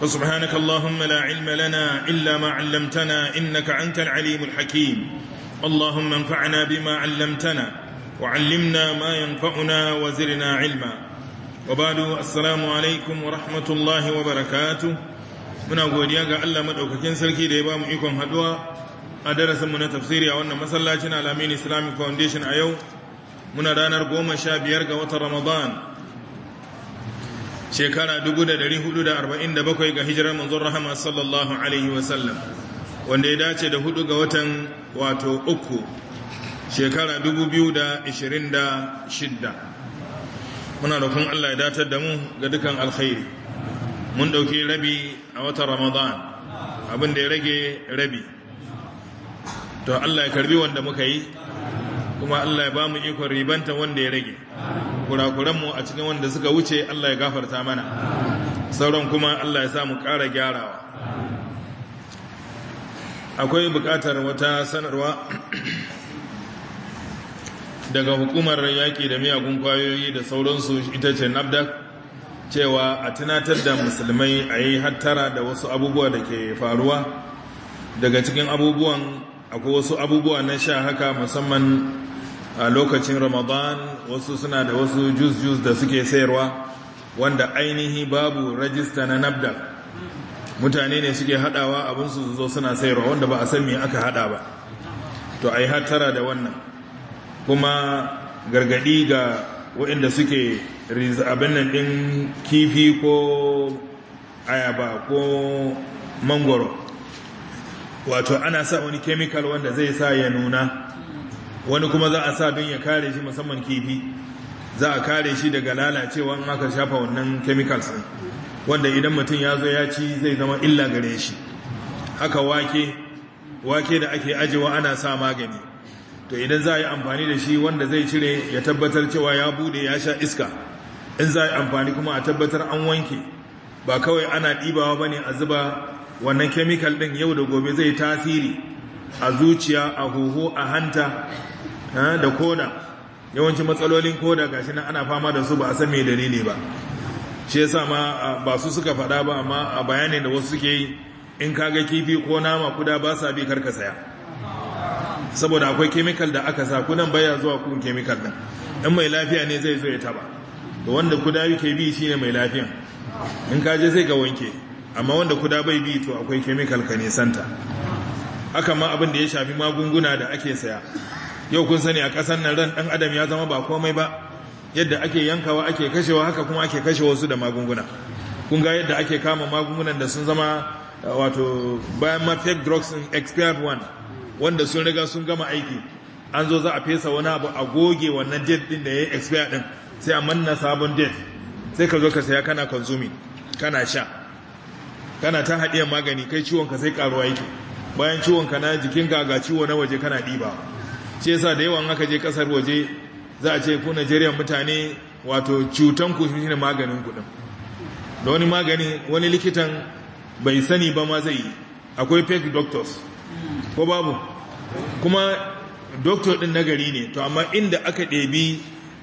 فسبحانك اللهم لا علم لنا إلا ما علمتنا إنك أنت العليم الحكيم اللهم انفعنا بما علمتنا وعلمنا ما ينفعنا وزرنا علما وبعد السلام عليكم ورحمة الله وبركاته muna godiya ga Allah madaukakin sarki da ya bamu ikon haduwa a darasinmu na tafsiri a wannan masallacin Alamin Islamic Foundation a yau muna ranar biyar ga watan Ramadan shekara 447 ga hijirar manzon rahama sallallahu alaihi wasallam wanda ya dace da hudu ga watan wato uku shekara 2026 muna rufin Allah ya datar da mu ga dukan alkhairi mun dauki rabi a watan ramadan abin da ya rage rabi to Allah ya karbi wanda muka yi kuma Allah ya ba mu ikon ribanta wanda ya rage kurakuranmu a cikin wanda suka wuce Allah ya gafarta mana sauran kuma Allah ya sa mu ƙara gyarawa akwai buƙatar wata sanarwa daga hukumar yaƙi da miyagun kwayoyi da sauransu ita ce nabdak cewa a tunatar da musulmai a yi hattara da wasu abubuwa da ke faruwa daga cikin abubuwan akwai wasu abubuwa na sha haka musamman a lokacin ramadan wasu suna da wasu jus-jus da suke sayarwa wanda ainihi babu rajista na nabda mutane ne suke hadawa abinsu zo suna sayarwa wanda ba a san me aka hada ba to a yi hattara da wannan kuma gargadi ga waɗanda suke abin nan ɗin kifi ko ayaba ko mangoro wato ana sa wani kemikal wanda zai sa ya nuna wani kuma za a sa don ya kare shi musamman kifi za a kare shi daga lalacewa in aka shafa wannan chemicals wanda idan mutum ya zo ya ci zai zama illa gare shi haka wake wake da ake ajewa ana sa magani to idan za a yi amfani da shi wanda zai cire ya tabbatar cewa ya bude ya sha iska in za a yi amfani kuma a tabbatar an wanke ba kawai ana ɗibawa ba ne a zuba wannan chemical din yau da gobe zai tasiri a zuciya a huhu a hanta da koda yawancin matsalolin koda gashi nan ana fama da su ba a san mai dalili ba shi yasa ma ba su suka faɗa ba amma a bayanin da wasu suke yi in kaga kifi ko nama kuda ba sa bi karka saya saboda akwai chemical da aka sa kunan baya zuwa kun chemical din in mai lafiya ne zai zo ya taba da wanda kuda yake bi shine mai lafiyan in ka je sai ka wanke amma wanda kuda bai bi to akwai chemical ka nisanta haka ma abin da ya shafi magunguna da ake saya yau kun sani a ƙasar nan ran ɗan adam ya zama ba komai ba yadda ake yankawa ake kashewa haka kuma ake kashe wasu da magunguna kun ga yadda ake kama magungunan da sun zama eh, wato bayan drugs in expired one wanda sun riga sun gama aiki an zo za a fesa wani abu a goge wannan date din da ya expire din sai a manna sabon date sai ka zo ka saya kana consuming kana sha kana ta haɗiya magani kai ciwonka sai karuwa yake bayan ciwonka na jikinka ga ciwo na waje kana ɗiba ce sa da yawan aka je ƙasar waje za a ce ku najeriya mutane wato cutanku shi ne maganin kuɗin da wani magani wani likitan bai sani ba ma zai yi akwai fake doctors ko babu kuma doctor ɗin nagari ne to amma inda aka ɗebi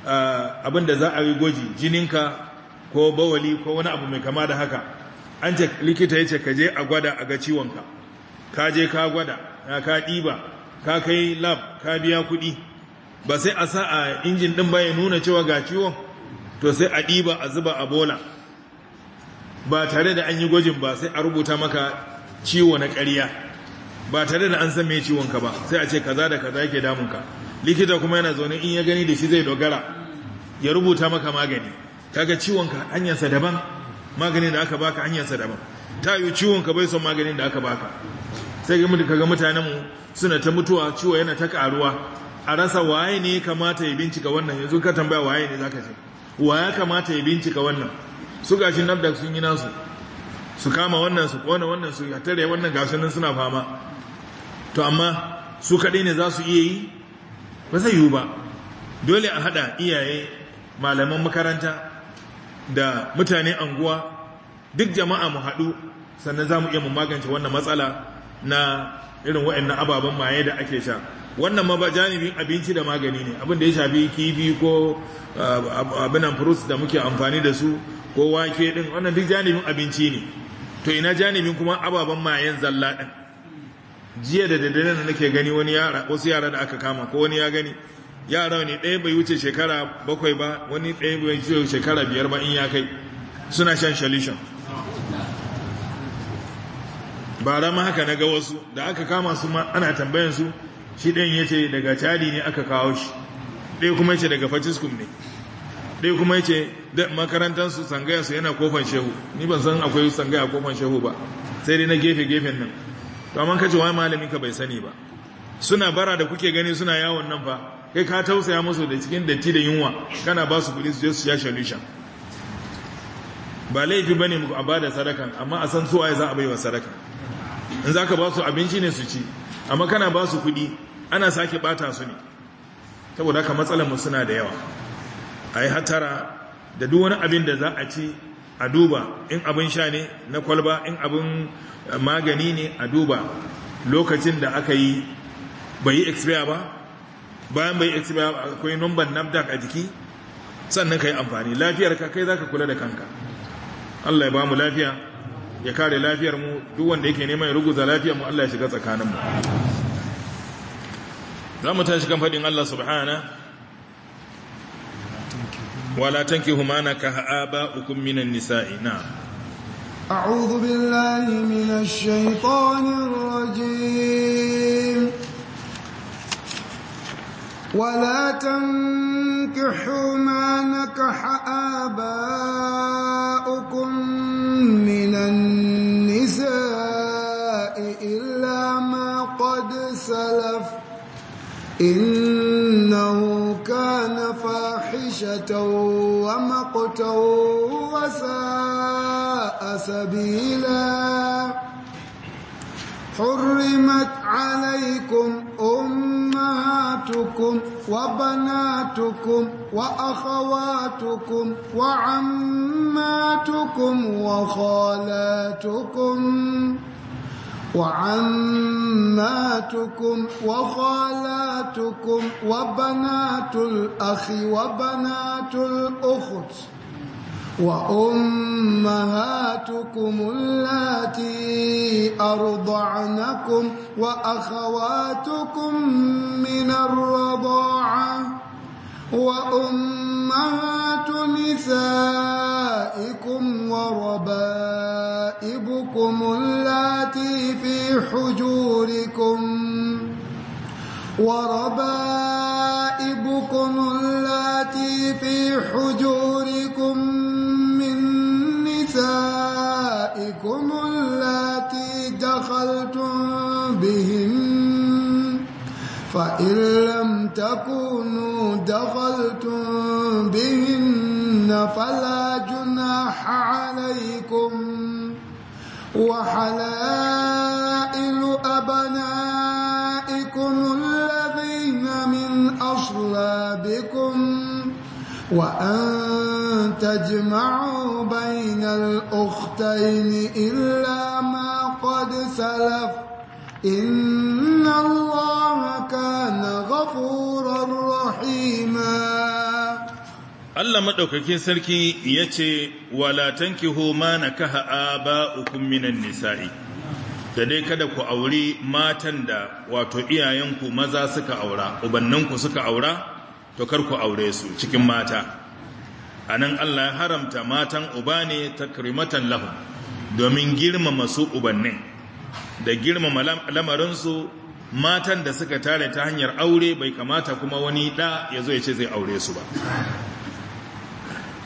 ah, abin da za a yi gwaji jininka ko bawali ko wani abu mai kama da haka an ce likita ya ce ka je a gwada a ga ciwonka ka je ka gwada ya ka ɗiba ka kai lab ka biya kuɗi ba sai a sa a injin ɗin ba ya nuna cewa ga ciwon to sai a ɗiba a zuba a bola ba tare da an yi gwajin ba sai a rubuta maka ciwo na ƙarya ba tare da an san mai ciwonka ba sai a ce kaza da kaza yake damunka likita kuma yana zaune in ya gani da shi zai dogara ya rubuta maka magani kaga ciwonka hanyarsa daban maganin da aka baka hanyarsa daban ta yi ciwon ka bai son maganin da aka baka sai ga mutu kaga mutanenmu suna ta mutuwa ciwo yana ta karuwa a rasa waye ne kamata ya bincika wannan yanzu ka tambaya waye ne zaka ce Waya kamata ya bincika wannan su gashi da sun yi nasu su kama wannan su kona wannan su ya tare wannan gashi nan suna fama to amma su kaɗai ne za su iya yi ba zai yiwu ba dole a haɗa iyaye malaman makaranta da mutane anguwa duk jama'a mu haɗu sannan za mu iya mu magance wannan matsala na irin na ababen maye da ake sha wannan ma ba janibin abinci da magani ne abin da ya shafi kifi ko ah, abinan fruits da muke amfani da su ko wake din wannan duk janibin abinci ne to ina janibin kuma ababen mayen zalla din jiya da daddare na nake gani wani yara wasu yara da aka kama ko wani ya gani yara ne ɗaya bai wuce shekara bakwai ba wani ɗaya bai wuce shekara biyar ba in ya kai suna shan shalishan ba rama haka na ga wasu da aka kama su ma ana tambayan su shi ɗayan ya ce daga cadi ne aka kawo shi ɗaya kuma ya ce daga faciskum ne ɗaya kuma ya ce makarantarsu su yana kofan shehu ni ban san akwai sangaya kofan shehu ba sai dai na gefe-gefen nan to amma kace wai malamin ka bai sani ba suna bara da kuke gani suna yawon nan fa kai ka tausaya musu da cikin datti da yunwa kana ba su kudi su je su sha solution ba laifi ba ne a ba da sadakan amma a san suwaye za a bai wa sadaka in za ka ba su abinci ne su ci amma kana ba su kudi ana sake bata su ne saboda haka matsalar suna da yawa a yi hatara da duk wani abin da za a ci a duba in abin sha ne na kwalba in abin magani ne a duba lokacin da aka yi bai yi expire ba bayan bai expire akwai numban nafdak a jiki sannan ka yi amfani lafiyar ka kai za ka kula da kanka Allah ya ba mu lafiya ya kare lafiyar mu duk wanda yake neman ya ruguza lafiyar mu Allah ya shiga tsakanin mu za mu tashi kan faɗin Allah subhana wala humana ka ha'aba ukun minan nisa'i na أعوذ بالله من الشيطان الرجيم ولا تنكحوا ما نكح آباؤكم من النساء إلا ما قد سلف إنه كان فاحشة ومقتا وساء سبيلا حرمت عليكم وبناتكم وبناتكم وأخواتكم وعماتكم وخالاتكم وعماتكم وخالاتكم وبنات الأخ وبنات الأخت وأمهاتكم التي أرضعنكم وأخواتكم من الرضاعة وأمهات نسائكم وربائبكم التي في حجوركم وربائبكم التي في حجوركم أزواجكم التي دخلتم بهن فإن لم تكونوا دخلتم بهن فلا جناح عليكم وحلائل أبنائكم الذين من أصلابكم وأن تجمع بين الأختين إلا ما قد سلف إن الله كان غفورا رحيما Allah maɗaukakin sarki ya ce, Walatan kiho ma na kaha aba ukun minan nisa'i, da dai kada ku auri matan da wato iyayenku maza suka aura, ubanninku suka aura, to kar ku aure su cikin mata. anan allah ya haramta matan uba ne takrimatan lahum domin girmama su ubannin da girmama lamarinsu matan da suka tare ta hanyar aure bai kamata kuma wani ɗa ya zo ya ce zai aure su ba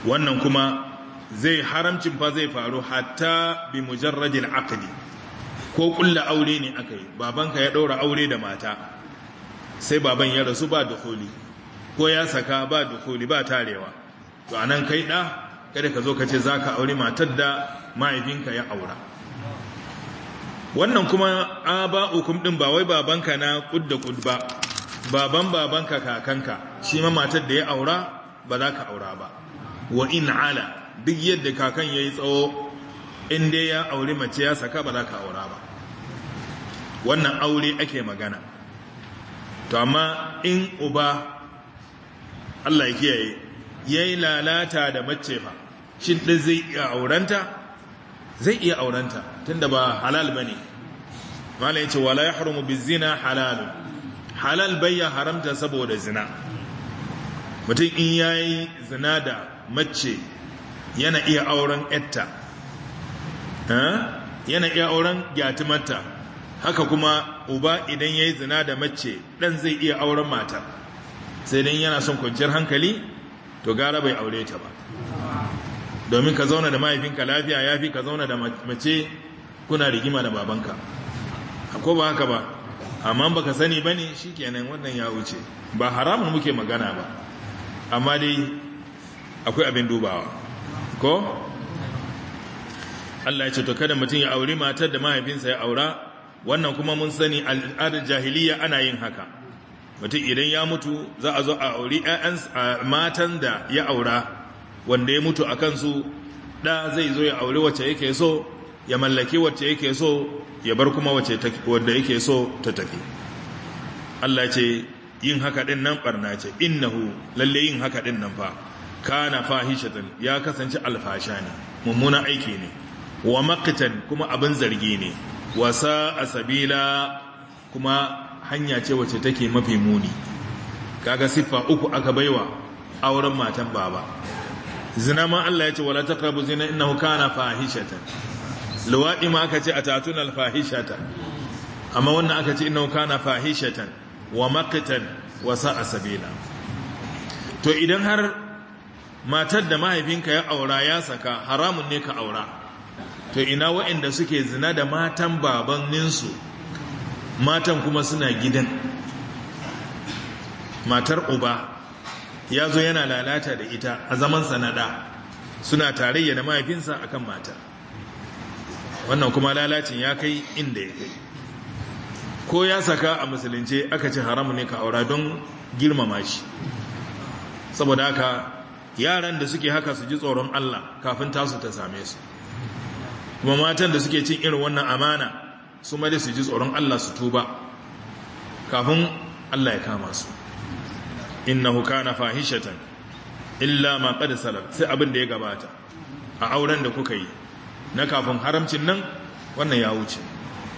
wannan kuma zai haramcin fa zai faru hatta bi mujarradil aqdi ko kulla aure ne aka yi babanka ya ɗaura aure da mata sai baban ya rasu ba dukuli ko ya saka ba dukuli ba tarewa to a nan kai ɗa, kada ka zo ka ce za ka auri matar da mahaifinka ya aura wannan kuma a ba hukum ɗin ba wai babanka na ƙudda kud ba baban babanka kakanka shi ma matar da ya aura ba za ka aura ba wa in ala duk yadda kakan yi tsawo in dai ya aure mace ya saka ba za ka aura ba wannan aure ake magana to amma in uba Allah ya kiyaye ya yi lalata da mace fa shi ɗin zai iya aurenta zai iya aurenta tunda ba halal ba ne ya ce, wala ya haramu bi zina halalu. halal bayya haramta saboda zina mutum in ya yi zina da mace yana iya auren yatta eh? yana iya auren gyatumarta haka kuma uba idan ya yi zina da mace ɗan zai iya auren mata sai dai yana son kwanciyar hankali to gara bai aure ta ba domin ka zauna da mahaifinka lafiya ya fi ka zauna da mace kuna rigima da babanka ko ba haka ba amma ba ka sani ba ne shi kenan wannan ya wuce ba haramun muke magana ba amma dai akwai abin dubawa ko Allah ya ce to kada mutum ya auri matar da mahaifinsa ya aura wannan kuma mun sani al'adar jahiliya ana yin haka mutum idan ya mutu za a zo a auri matan da ya aura wanda ya mutu a kansu ɗa zai zo ya auri wacce yake so ya mallaki wacce yake so ya bar kuma wacce wadda yake so ta tafi Allah ce yin haka ɗin nan ɓarna ce innahu lalle yin haka ɗin nan fa kana fahishatan ya kasance alfasha ne mummuna aiki ne wa makitan kuma abin zargi ne wasa a sabila kuma hanya ce wacce take mafi muni kaga siffa uku aka baiwa auren matan baba zina ma Allah ya ce wala taqrabu zina innahu kana fahishatan luwadi ma aka ce atatuna alfahishata amma wannan aka ce innahu kana fahishatan wa maqtan wa sa'a sabila to idan har matar da mahaifinka ya aura ya saka haramun ne ka aura to ina waɗanda suke zina da matan babaninsu? matan kuma suna gidan matar uba ya zo yana lalata da ita a zaman sanada suna tarayya da mahaifinsa akan mata wannan kuma lalacin ya kai inda ya kai ko ya saka a musulunce aka ci haramu ne ka aura don girmama shi saboda haka yaran da suke haka su ji tsoron Allah kafin tasu ta same su kuma matan da suke cin irin wannan amana su mai da su ji tsoron Allah su tuba kafin Allah ya kama su Inna kana fahishatan illa ma qad salaf sai abin da ya gabata a auren da kuka yi na kafin haramcin nan wannan ya wuce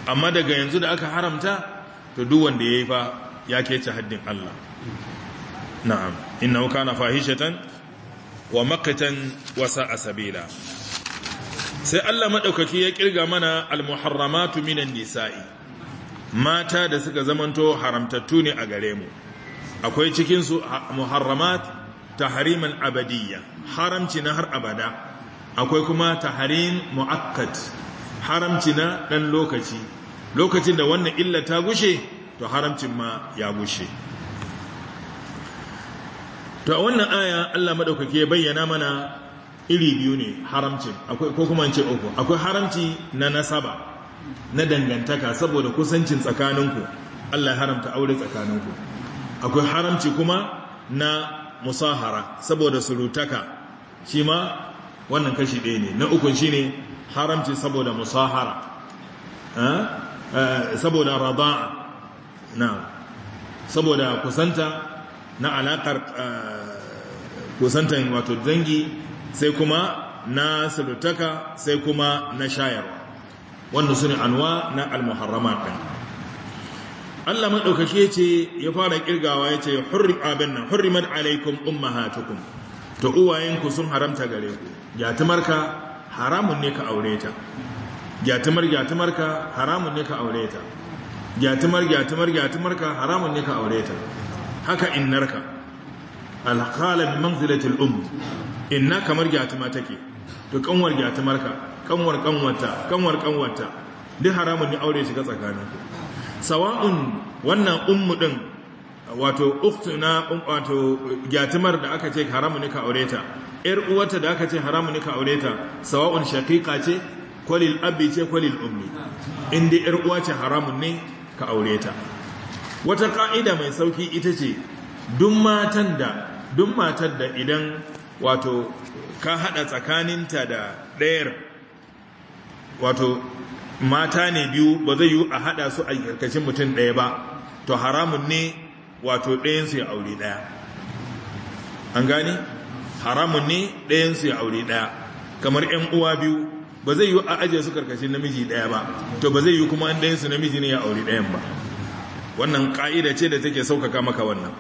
amma daga yanzu da aka haramta to duk wanda yayi fa ya kece haddin Allah na'am inna kana fahishatan wa maqtan wa sa'a sabila sai Allah maɗaukaki ya ƙirga mana almuharramatu minan nisa'i mata da suka zamanto haramtattu ne a gare mu akwai cikinsu muharramat tahriman abadiyya haramci na har abada akwai kuma tahrim mu'akkat haramci na ɗan lokaci lokacin da wannan illa ta gushe to haramcin ma ya gushe to a wannan aya Allah maɗaukaki ya bayyana mana iri biyu ne haramcin ko kuma ce uku akwai haramci na nasaba na dangantaka saboda kusancin tsakaninku Allah ya haramta aure tsakaninku akwai haramci kuma na musahara saboda surutaka shi ma wannan kashi ɗaya ne na uku shi ne haramci saboda musahara eh? Eh, saboda raba'a, na saboda kusanta na alaƙar eh, kusantan wato dangi sai kuma na sulutaka sai kuma na shayarwa wannan su ne anwa na almuharrama ɗin Allah maɗaukaki ce ya fara ƙirgawa ya ce hurri abin nan hurri mad alaikum ummahatukum to uwayenku sun haramta gare ku gyatumarka haramun ne ka aure ta gyatumar gyatumarka haramun ne ka aure ta gyatumar gyatumar gyatumarka haramun ne ka aure ta haka innarka alqala min manzilatil um inna kamar gyatuma take to kanwar gyatumarka kanwar kanwarta kanwar kanwarta duk haramun ne aure shiga tsakanin sawa'un wannan ummu din wato ukhtuna wato gyatumar da aka ce haramun ne ka aure ta yar uwarta da aka ce haramun ne ka aure ta sawa'un shaqiqa ce kwalil abi ce kwalil ummi inda yar uwa ce haramun ne ka aure ta wata ka'ida mai sauki ita ce duk matan da duk matar da idan wato ka hada tsakaninta da ɗayar wato mata ne biyu ba zai yi a hada su a karkashin mutum ɗaya ba to haramun ne wato ɗayansu ya aure ɗaya an gani haramun ne ɗayansu ya aure ɗaya kamar 'yan uwa biyu ba zai yi a ajiye su karkashin namiji ɗaya ba to ba zai yi kuma an ɗayansu namiji ne ya aure ɗayan ba wannan ƙa'ida ce da take sauƙaƙa maka wannan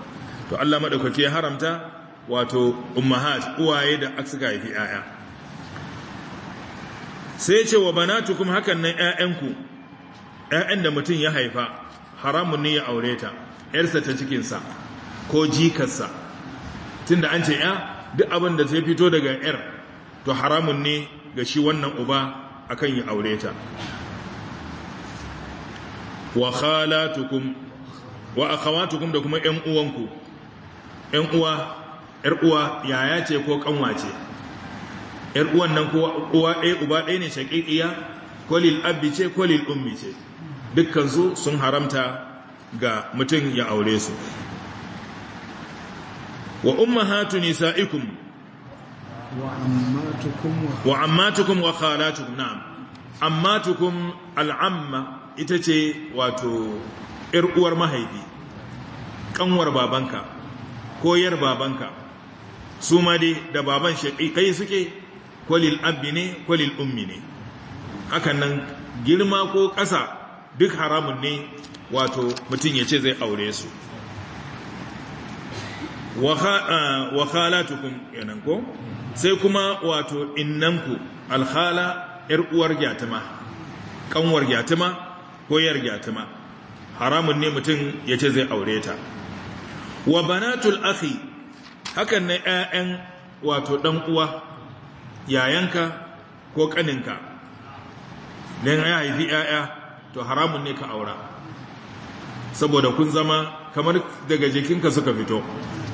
to Allah maɗaukaki ya haramta wato ummahat uwaye da suka haifi yaya sai ce wa banatukum hakan nan ƴaƴanku ƴaƴan da mutum ya haifa haramun ne ya aure ta yarsa ta cikin sa ko jikarsa tunda an ce ya duk abin da zai fito daga yar to haramun ne ga shi wannan uba akan ya aure ta wa khalatukum wa akhawatukum da kuma ƴan uwanku ƴan uwa yar uwa yaya ce ko kanwa ce Ƴar uwan nan ko ɗaya uba ɗaya ne shaqiqiya ko lil abbi ce ko ummi ce dukkan sun haramta ga mutum ya aure su wa nisa nisaikum wa ammatukum wa khalatukum na'am ammatukum al'amma ita ce wato ‘yar uwar mahaifi, ƙanwar babanka, koyar babanka, su ma dai da baban shaƙiƙai suke kwalil abbi ne kwalil ummi ne hakan nan girma ko ƙasa duk haramun ne wato mutum ya ce zai aure su wa tukun yanan ko sai kuma wato innanku alhala yar uwar gyatuma kanwar gyatuma ko yar gyatuma haramun ne mutum ya ce zai aure ta wa banatul akhi hakan na 'ya'yan wato ɗan uwa yayanka ko ƙaninka don ya haifi 'ya'ya to haramun ne ka aura saboda kun zama kamar daga jikinka suka fito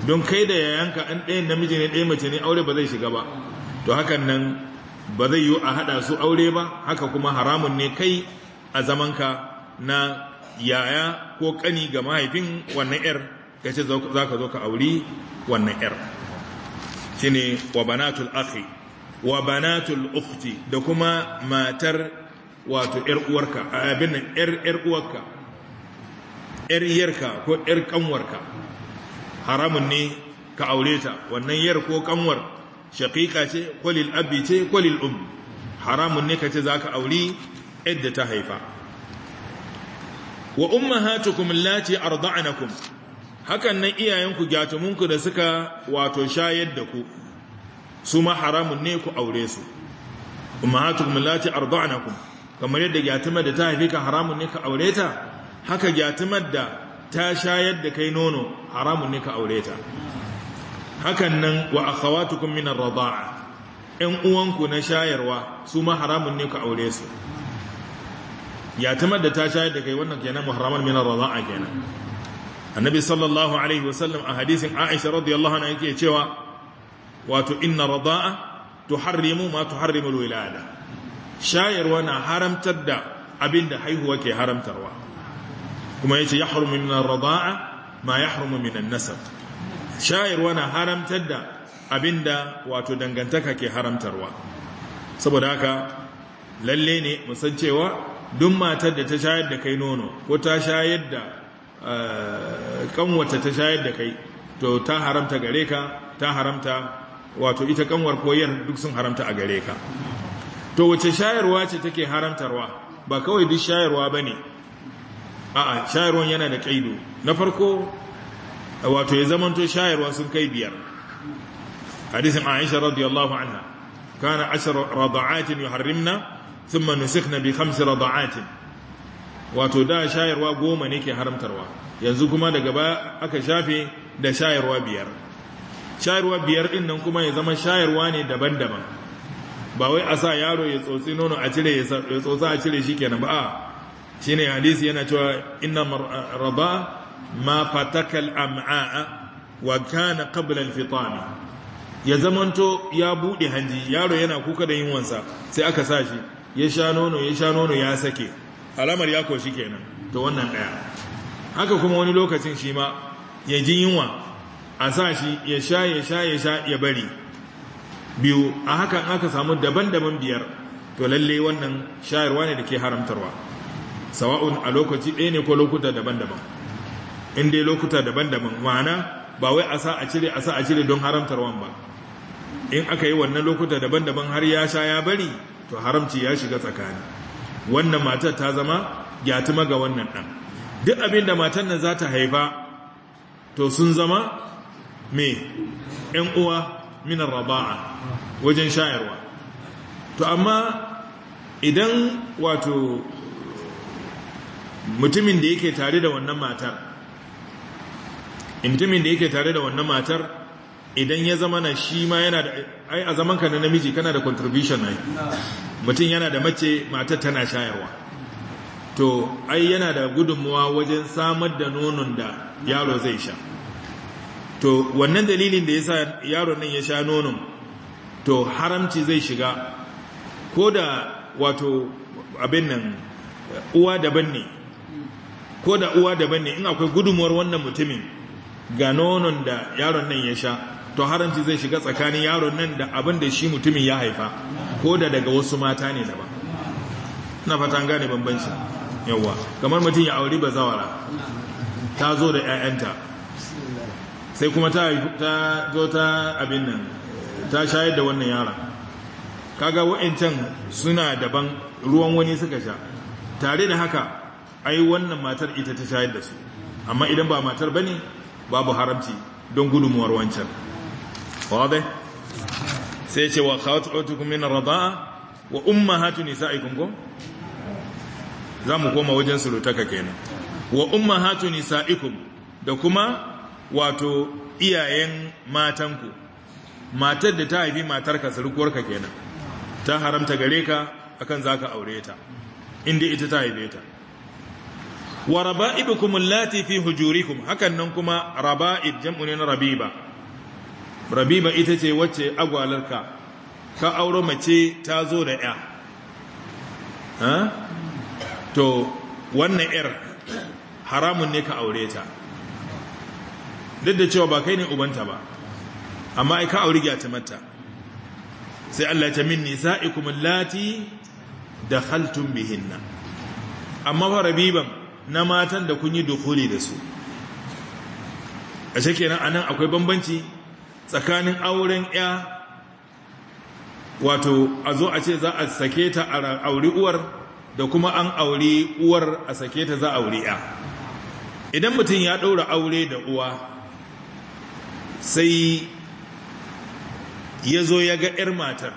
don kai da yayanka an ɗayan namiji ne ɗaya mace ne aure ba zai shiga ba to hakan nan ba zai yi a haɗa su aure ba haka kuma haramun ne kai a zamanka na yaya ko ƙani ga mahaifin wannan 'yar ya ce za ka zo ka auri wannan ƴar. shi ne wa akhi wa ukhti da kuma matar wato ƴar uwarka abin nan ‘yar uwarka ƴar yarka ko ƴar kanwarka haramun ne ka aure ta wannan yar ko kanwar shaƙiƙa ce kwalil abi ce kwalil um haramun ne ka ce za ka auri da ta haifa wa ummahatukum allati arda'nakum hakan nan iyayenku gyatumunku da suka wato shayar da ku su ma haramun ne ku aure su Kuma ummahatukum allati arda'nakum kamar yadda gyatumar da ta haife ka haramun ne ka aure ta haka gyatumar da ta shayar da kai nono haramun ne ka aure ta hakan nan wa akhawatukum min ar-rida'a ɗan uwanku na shayarwa su ma haramun ne ku aure su gyatumar da ta shayar da kai wannan kenan muharraman min ar-rida'a kenan annabi sallallahu alaihi wasallam a hadisin aisha radiyallahu anha yake cewa wato inna rida'a tuharrimu ma tuharrimu alwilada shayarwa na haramtar da abinda haihuwa ke haramtarwa kuma yace yahrumu min arda'a ma yahrumu min an-nasab shayarwa na haramtar da abinda wato dangantaka ke haramtarwa saboda haka lalle ne musan cewa duk matar da ta shayar da kai nono ko ta shayar da Eh, kanwata ta shayar da kai to ta haramta gare ka ta haramta wato ita kanwar koyar duk sun haramta a gare ka to wace shayarwa ce take haramtarwa ba kawai duk shayarwa ba ne a'a shayarwan yana da kaido na farko wato ya zamanto shayarwa sun kai biyar hadisin aisha radiyallahu anha kana ashar rada'atin yuharrimna thumma nusikhna bi khamsi rada'atin wato da shayarwa goma ne ke haramtarwa yanzu kuma daga ba aka shafe da shayarwa biyar shayarwa biyar din nan kuma ya zama shayarwa ne daban-daban ba wai a sa yaro ya tsotsi nono a cire ya tsotsa a cire shi kenan ba shi ne hadisi yana cewa ina raba ma fatakal am'a'a wa kana qabla al-fitami ya zamanto ya bude hanji yaro yana kuka da yin wansa, sai aka sa shi ya sha nono ya sha nono ya sake alamar ya koshi kenan to wannan daya haka kuma wani lokacin shi ma ya ji yunwa a sa shi ya sha ya sha ya sha ya bari biyu a hakan aka samu daban-daban biyar to lalle wannan shayarwa ne da ke haramtarwa sawa'un a lokaci ɗaya ne ko lokuta daban-daban in dai lokuta daban-daban ma'ana ba wai a sa a cire a sa a cire don haramtarwa ba in aka yi wannan lokuta daban-daban har ya sha ya bari to haramci ya shiga tsakani wannan matar ta zama gyatuma ga wannan ɗan duk abin da matan nan za ta haifa to sun zama me ‘yan uwa minar raba'a wajen shayarwa to amma idan wato mutumin da yake tare da wannan matar mutumin da yake tare da wannan matar idan ya zama na shi ma yana da ai a zaman ka na namiji kana da contribution ai mutum yana da mace matar tana shayarwa to ai yana da gudunmuwa wajen samar da nonon da yaro zai sha to wannan dalilin da ya sa yaro nan ya sha nonon to haramci zai shiga ko da wato abin nan uwa daban ne ko da uwa daban ne in akwai gudunmuwar wannan mutumin ga nonon da yaron nan ya sha to haramci zai shiga tsakanin yaron nan da abin da shi mutumin ya haifa ko da daga wasu mata ne daban na fatan gane bambancin, yawa kamar mutum ya auri bazawara ta zo da 'ya'yanta sai kuma ta zo ta abin nan ta shayar da wannan yara kaga wa'incan suna daban ruwan wani suka sha tare da haka ai wannan matar ita ta shayar da su amma idan ba matar bane babu haramci don gudunmuwar wancan واضح سيتي wa umma الرضاء وأمهات نسائكم Za zamu koma wajen surutaka kenan wa ummahatu nisaikum da kuma wato iyayen matanku matar da ta haifi matarka surukuwarka kenan ta haramta gare ka akan zaka aure ta inda ita ta haife ta wa raba'ibukum allati fi hujurikum hakan nan kuma raba'id jam'u rabiba rabiba ita ce wacce agwalarka ka auro mace ta zo da ya to wannan yar haramun ne ka aure ta duk da cewa ba kai ne ubanta ba amma ai ka aure ta mata sai Allah ta min nisa'ikum allati dakhaltum bihinna amma fa rabiban na matan da kun yi dukhuli da su a kenan anan akwai bambanci tsakanin auren ya wato a zo a ce za a sake ta a auri uwar da kuma an auri uwar a sake ta za a auri ya idan mutum ya ɗaura aure da uwa sai ya zo ya ga 'yar matar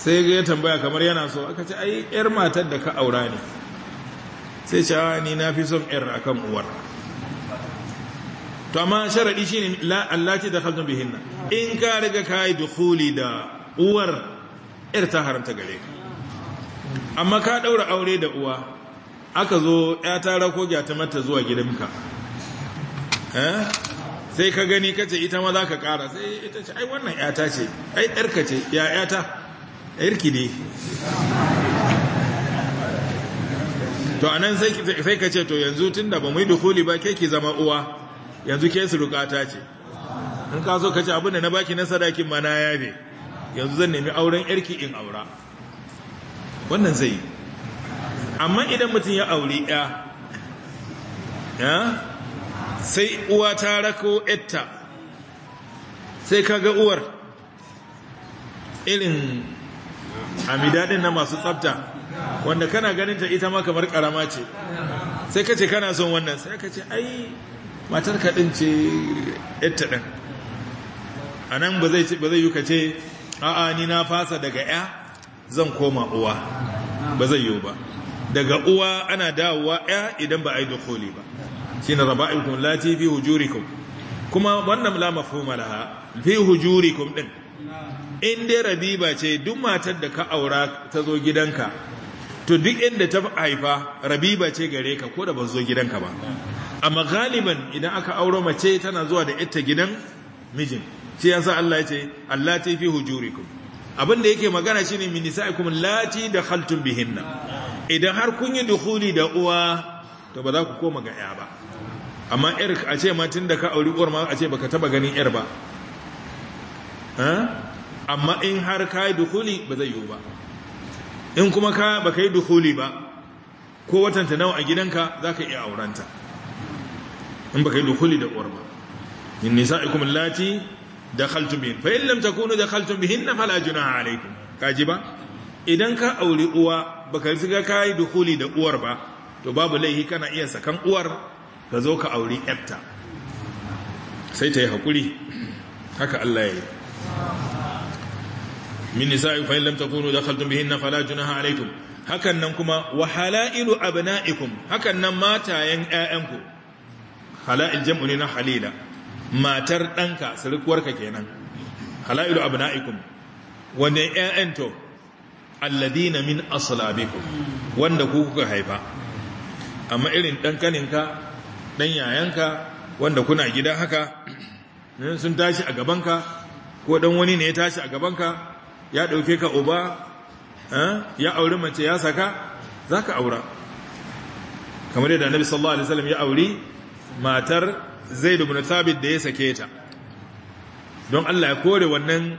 sai ya tambaya kamar yana so aka ce ai 'yar matar da ka aura ne sai cewa ni na fi son 'yar akan uwar to amma sharadi shine la allati dakhaltum bihinna in ka riga kai dukhuli da uwar ir ta haranta gare ka amma ka daura aure da uwa aka zo ya ta rako ta mata zuwa gidanka eh sai ka gani kace ita ma za ka kara sai ita ce ai wannan yata ce ai ka ce ya yata yarki ne to anan sai ka ce to yanzu tunda ba mu yi dukhuli ba ke ki zama uwa yanzu ke su rukata ce in ka so ka ci abin da na baki na sadakin ma na yabe yanzu zan nemi auren yarki in aura wannan zai yi amma idan mutum ya auri ya sai uwa ta rako etta sai ka ga uwar irin amidadin na masu tsabta, wanda kana ganin ta ita ma kamar karama ce sai ka ce kana son wannan sai ka ce ai matar kaɗin ce yadda ɗin a nan ba zai yi ka ce a'a ni na fasa daga ya zan koma uwa ba zai yi ba daga uwa ana dawowa ya idan ba a yi dukoli ba shi na ikon lati fi hujurikum kuma wannan la mafhuma laha fi hujurikum din in dai rabiba ce duk matar da ka aura ta zo gidanka to duk inda ta haifa rabiba ce gare ka ko da ba zo gidanka ba amma galiban idan aka auro mace tana zuwa da ita gidan mijin shi yasa Allah ya ce allati fi hujurikum abin da yake magana shine min nisaikum allati dakhaltum bihinna idan har kun yi dukhuli da uwa to ba za ku koma ga ya ba amma yar a ce ma tunda ka auri uwar ma a ce baka taba ganin yar ba amma in har ka yi dukhuli ba zai yiwu ba in kuma ka baka yi dukhuli ba ko watanta nawa a gidanka zaka iya auranta in baka yi dukuli da uwar ba min nisa'ikum lati dakhaltum bihin fa in lam takunu dakhaltum bihinna fala junaha alaykum kaji ba idan ka auri uwa baka riga ka yi dukuli da uwar ba to babu laihi kana iya sakan uwar ka zo ka auri yarta sai ta yi hakuri haka Allah ya yi min nisa'ikum fa in lam takunu dakhaltum bihinna fala junaha alaykum hakan nan kuma wa halailu abna'ikum hakan nan matayen ƴaƴanku hala'il jam'uni na halila matar ɗanka sarkuwarka kenan hala'ilu abna'ikum wanda ƴaƴan to alladina min aslabikum wanda ku kuka haifa amma irin ɗan kaninka ɗan yayanka wanda kuna gida haka sun tashi a gabanka ko ɗan wani ne ya tashi a gabanka ya ɗauke ka uba eh, ya auri mace ya saka za ka aura kamar yadda annabi sallallahu alaihi wasallam ya auri matar zai ibn thabit da ya sake ta don Allah ya kore wannan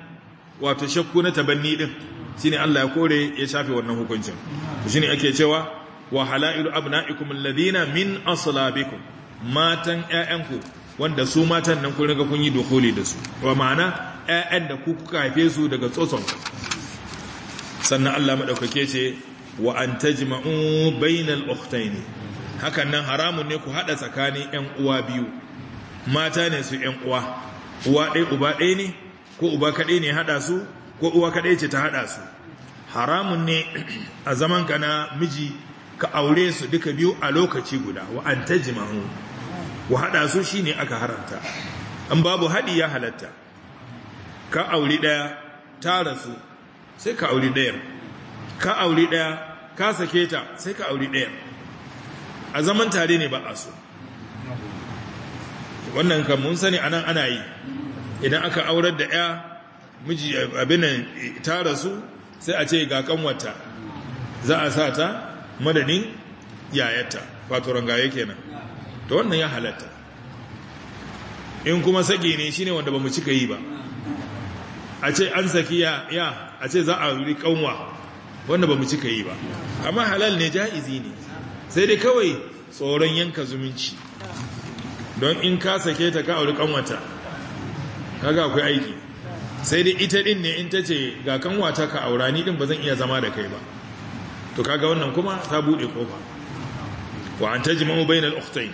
wato shakku na tabanni din shine Allah ya kore ya shafe wannan hukuncin shine ake cewa wa halailu abnaikum alladhina min aslabikum matan yayanku wanda su matan nan kun riga kun yi dukhuli da su wa ma'ana yayan da ku kuka haife su daga tsotson sannan Allah maɗaukake ce wa an tajma'u bainal ukhtaini hakan nan haramun ne ku haɗa tsakanin 'yan uwa biyu mata ne su 'yan uwa uwa ɗaya uba ɗaya ne ko uba kaɗai ne haɗa su ko uwa kaɗai ce ta haɗa su haramun ne a zaman ka na miji ka aure su duka biyu a lokaci guda wa an ta jimahu wa haɗa su shi aka haramta an babu haɗi ya halatta ka aure ɗaya ta rasu sai ka auri ɗayar ka aure ɗaya ka sake ta sai ka auri ɗayar a zaman tare ne ba a so wannan kan mun sani anan ana yi idan aka aurar da ya miji abinan ta rasu sai a ce ga kanwata za a sa ta madadin yayata wato rangaye kenan to wannan ya halatta in kuma saki ne shine wanda bamu cika yi ba a ce an saki ya a ce za a yi kanwa wanda bamu cika yi ba amma halal ne jaizi ne sai dai kawai tsoron yanka zumunci don in ka sake ta ka auri kanwata kaga akwai aiki sai dai ita din ne in ta ce ga kanwata ka aura ni din ba zan iya zama da kai ba to kaga wannan kuma ta bude kofa wa an tajma'u bainal ukhtayn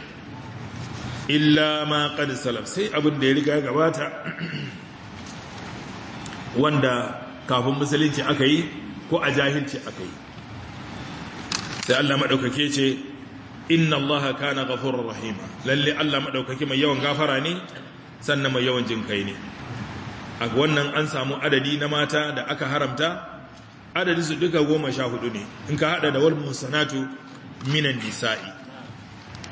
illa ma qad salaf sai abin da ya riga gabata wanda kafin musulunci aka yi ko a jahilci aka yi sai Allah maɗaukake ce inna allaha kana ghafurur rahima lalle Allah maɗaukake mai yawan gafara ne sannan mai yawan jinkai ne a wannan an samu adadi na mata da aka haramta adadin duka goma sha hudu ne in ka haɗa da wal musanatu minan nisa'i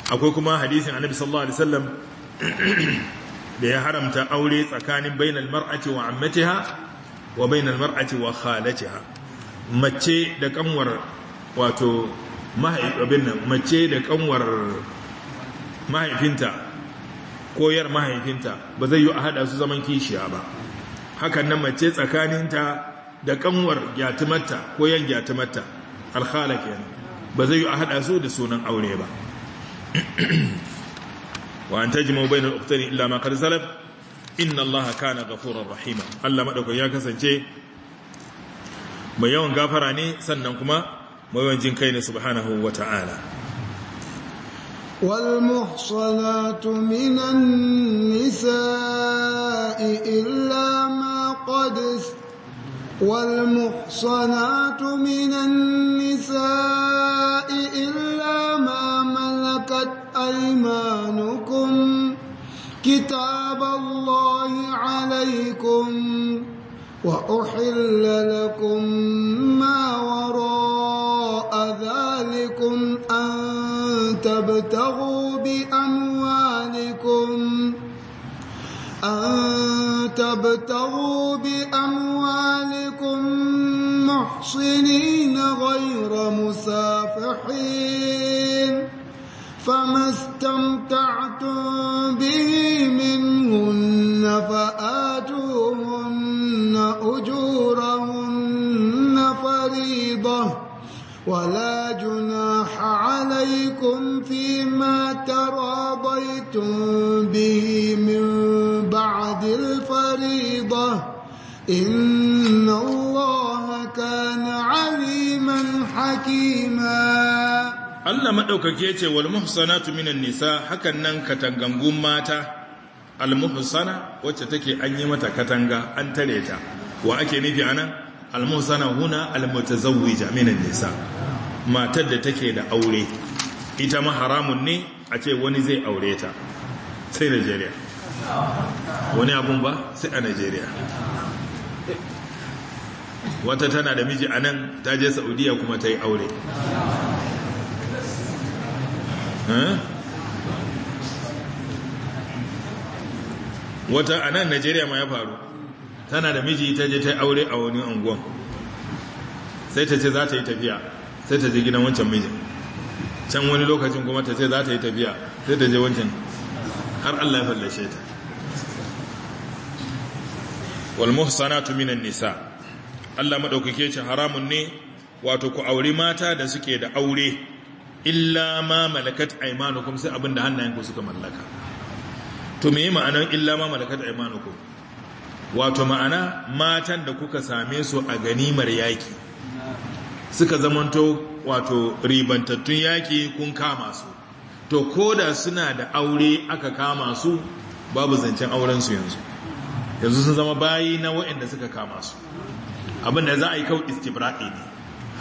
akwai kuma hadisin annabi sallallahu alaihi wasallam da ya haramta aure tsakanin bainal mar'ati wa ammatiha wa bainal mar'ati wa khalatiha mace da kanwar wato mahaifin mace da kanwar mahaifinta koyar mahaifinta ba zai yi a hada su zaman kishiya ba hakan nan mace tsakaninta da kanwar gyatumarta koyar gyatumarta alhala kenan ba zai yi a hada su da sunan aure ba wa an tajma na uqtani illa makar salaf inna allaha kana gafuran rahima Allah madaukakin ya kasance mai yawan gafara ne sannan kuma mai jin kai ne subhanahu wata'ala والمحصنات من النساء إلا ما wal والمحصنات من النساء إلا ما ملكت أيمانكم كتاب الله عليكم وأحل لكم ما وراء ذلكم أن تبتغوا بأموالكم أن تبتغوا بأموالكم محصنين غير مسافحين فما استمتعتم به منهن فآتوهن أجورهن فريضة ولا جناح عليكم فيما تراضيتم به من بعد الفريضة إن الله كان عليما حكيما Allah maɗaukake ya ce wal muhsanatu nisa hakan nan katangangun mata al muhsana wacce take an yi mata katanga an tare ta wa ake nufi anan almusana huna almutazawwija minan nisa matar da take da aure ita ma haramun ne a ce wani zai aure ta sai Najeriya wani abun ba sai a Najeriya wata tana da miji a nan ta je Saudiya kuma ta yi aure wata a nan Najeriya ma ya faru tana da miji ta je ta aure a wani unguwan sai ta ce za ta yi tafiya sai ta je gidan wancan mijin can wani lokacin kuma ta ce za ta yi tafiya sai ta je wancan har Allah ya fallashe ta wal muhsanatu minan nisa Allah madaukake ce haramun ne wato ku auri mata da suke da aure illa ma malakat aymanukum sai abinda hannayenku suka mallaka to me ma'anar illa ma malakat aymanukum wato ma'ana matan da kuka same su a ganimar yaki suka zamanto wato ribantattun yaki kun kama su to koda suna da aure aka kama su babu zancen auren su yanzu yanzu sun zama bayi na waɗanda suka kama su abin da za a yi kawo istibra'i ne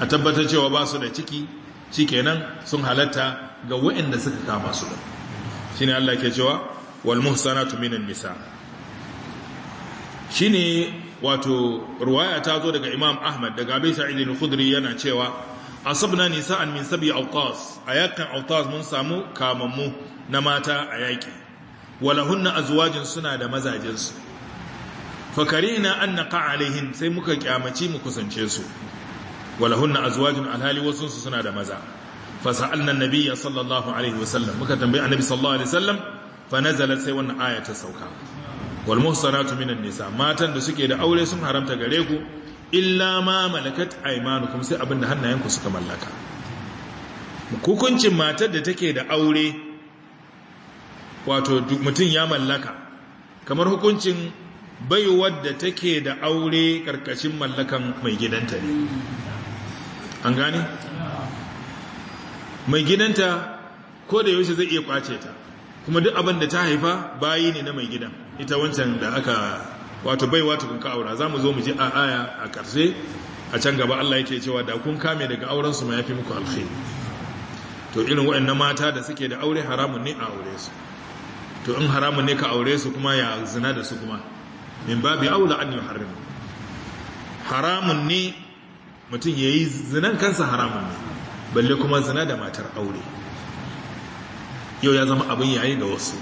a tabbatar cewa ba su da ciki shikenan sun halatta ga waɗanda suka kama su da shine Allah ke cewa wal muhsanatu minan nisa' ne wato ruwaya ta zo daga Imam Ahmad daga Abi Sa'id al-Khudri yana cewa asabna nisa'an min sabi a ayakan awqas mun samu kamammu na mata a yaki walahunna azwajin suna da mazajin Fakari na an naqa alaihin sai muka kyamaci mu kusance su walahunna azwajin alhali wasu su suna da maza fasa'alna nabiyya sallallahu alaihi wasallam muka tambayi annabi sallallahu alaihi wasallam fa nazalat sai wannan aya ta sauka wal muhsanatu minan nisa matan da suke da aure sun haramta gare ku illa ma malakat aymanukum sai abinda hannayenku suka mallaka hukuncin matar da take da aure wato mutum ya mallaka kamar hukuncin baiwar da take da aure karkashin mallakan mai gidanta ne an gane mai gidanta ko da yaushe zai iya kwace ta kuma duk abin da ta haifa bayi ne na mai gidan ita wancan da aka wato baiwa tukun ka aura za mu zo mu ji a aya a ƙarshe a can gaba Allah yake cewa da kun kame daga auren su ma yafi muku alkhairi to irin waɗannan mata da suke da aure haramun ne a aure su to in haramun ne ka aure su kuma ya zina da su kuma min babi aula an yuharrim haramun ne mutum yayi zinan kansa haramun ne balle kuma zina da matar aure yau ya zama abin yayi ga wasu